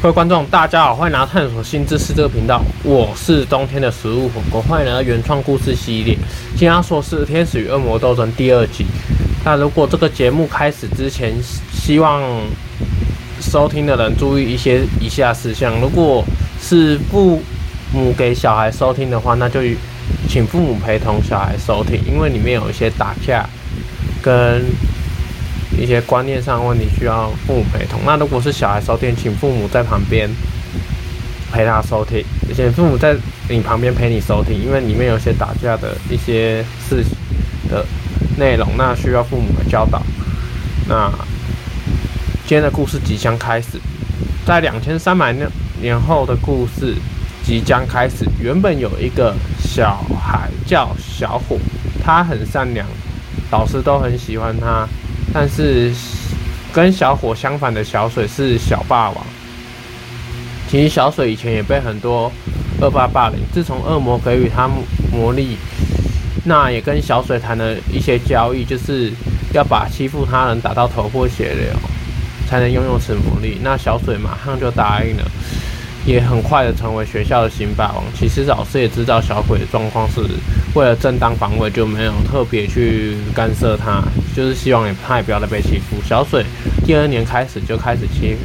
各位觀眾，大家好，歡迎來到探索新知識這個頻道，我是冬天的食物火鍋。歡迎來到原創故事系列，今天要說的是《天使與惡魔鬥爭》第二集。那如果這個節目開始之前，希望收聽的人注意一些以下事項：如果是父母給小孩收聽的話，那就請父母陪同小孩收聽，因為裡面有一些打架跟一些觀念上問題，需要父母陪同。那如果是小孩收聽，請父母在旁邊陪他收聽，而且父母在你旁邊陪你收聽，因為裡面有些打架的一些事情的內容，那需要父母的教導。那今天的故事即將開始，在兩千三百年後的故事即將開始。原本有一個小孩叫小虎，他很善良，導師都很喜歡他。但是，跟小火相反的小水是小霸王。其實小水以前也被很多惡霸霸凌。自從惡魔給予他魔力，那也跟小水談了一些交易，就是要把欺負他人打到頭破血流，才能擁有此魔力。那小水馬上就答應了。也很快的成為學校的新霸王。其實老師也知道小鬼的狀況，是為了正當防衛，就沒有特別去干涉他，就是希望他也不要再被欺負。小水第二年開始就開始欺，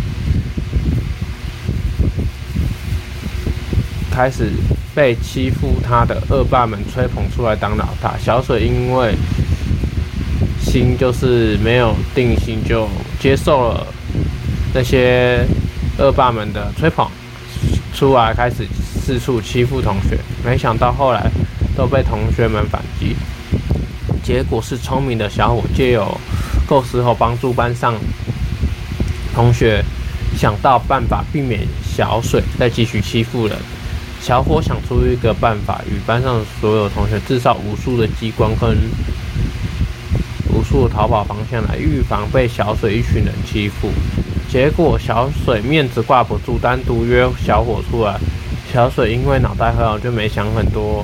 開始被欺負，他的惡霸們吹捧出來當老大。小水因為心就是沒有定心，就接受了那些惡霸們的吹捧。出來開始四處欺負同學，沒想到後來都被同學們反擊。結果是聰明的小伙借由構思後幫助班上同學想到辦法避免小水再繼續欺負人。小伙想出一個辦法，與班上所有同學製造無數的機關跟無數逃跑方向來預防被小水一群人欺負。結果小水面子掛不住，單獨約小火出來。小水因為腦袋很好，就沒想很多，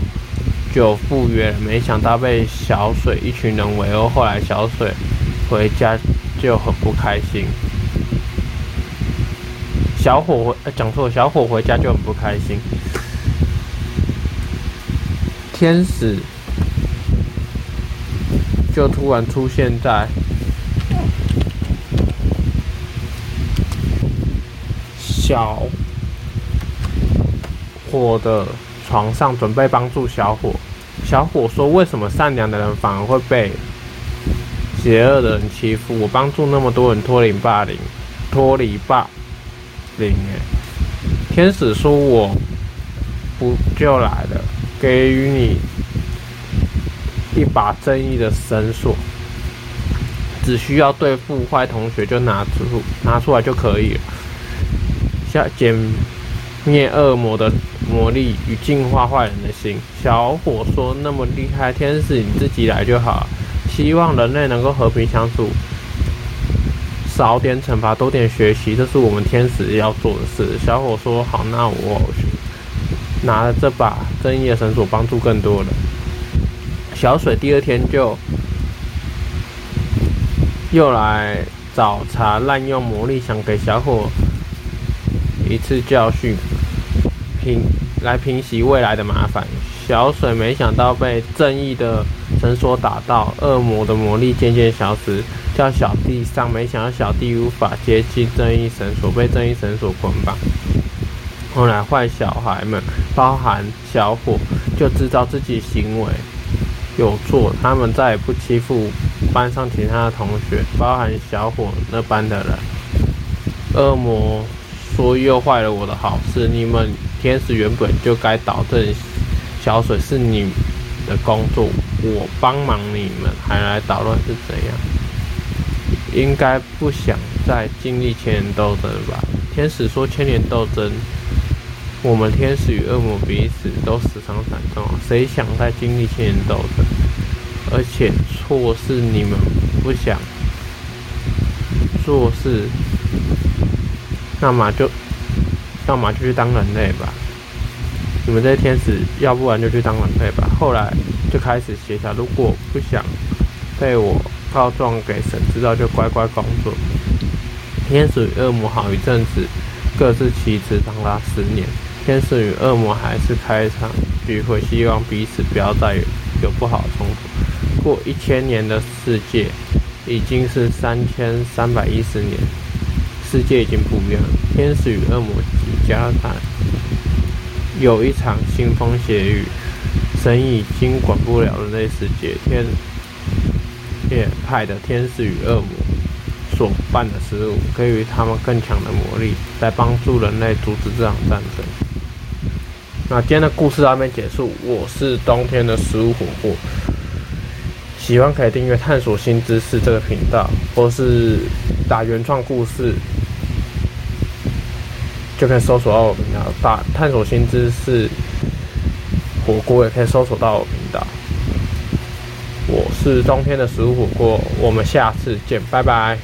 就赴約了。沒想到被小水一群人圍毆，後來小水回家就很不開心。小火回，呃，講錯了，小火回家就很不開心。天使就突然出現在小伙的床上，準備幫助小伙。小伙說：“為什麼善良的人反而會被邪惡的人欺負？我幫助那麼多人脫離霸凌，脫離霸凌哎、欸！”天使說：“我不就來了，給予你一把正義的繩索，只需要對付壞同學，就拿出拿出來就可以了。”減滅惡魔的魔力與淨化壞人的心。小伙說：“那麼厲害，天使你自己來就好。希望人類能夠和平相處，少點懲罰，多點學習，這是我們天使要做的事。”小伙說：“好，那我去拿了這把正義的繩索，幫助更多人。”小水第二天就又來找茬，濫用魔力想給小伙。一次教訓，平來平息未來的麻煩。小水沒想到被正義的繩索打到，惡魔的魔力漸漸消失。叫小弟上，沒想到小弟無法接近正義繩索，被正義繩索捆綁。後來壞小孩們，包含小伙，就知道自己行為有錯，他們再也不欺負班上其他的同學，包含小伙那班的人。惡魔。說，又壞了我的好事，你們天使原本就該導正小水，是你的工作，我幫忙你們，還來搗亂是怎樣？應該不想再經歷千年鬥爭吧？天使說，千年鬥爭，我們天使與惡魔彼此都死傷慘重，誰想再經歷千年鬥爭？而且錯是你們不想做事。那麼就，那麼就去當人類吧。你們這些天使，要不然就去當人類吧。後來就開始協調，如果不想被我告狀給神知道，就乖乖工作。天使與惡魔好一陣子各自其職，長達十年。天使與惡魔還是開場聚會，希望彼此不要再有不好的衝突。過一千年的世界，已經是三千三百一十年。世界已經不一樣了，天使與惡魔即將開戰，有一場腥風血雨。神已經管不了人類世界，天界派的天使與惡魔所辦的食物，給予他們更強的魔力，來幫助人類阻止這場戰爭。那今天的故事到這邊結束，我是冬天的食物火鍋，喜歡可以訂閱探索新知識這個頻道，或是打原創故事，就可以搜索到我頻道，大探索新知識，火鍋也可以搜索到我頻道。我是冬天的食物火鍋，我們下次見，拜拜。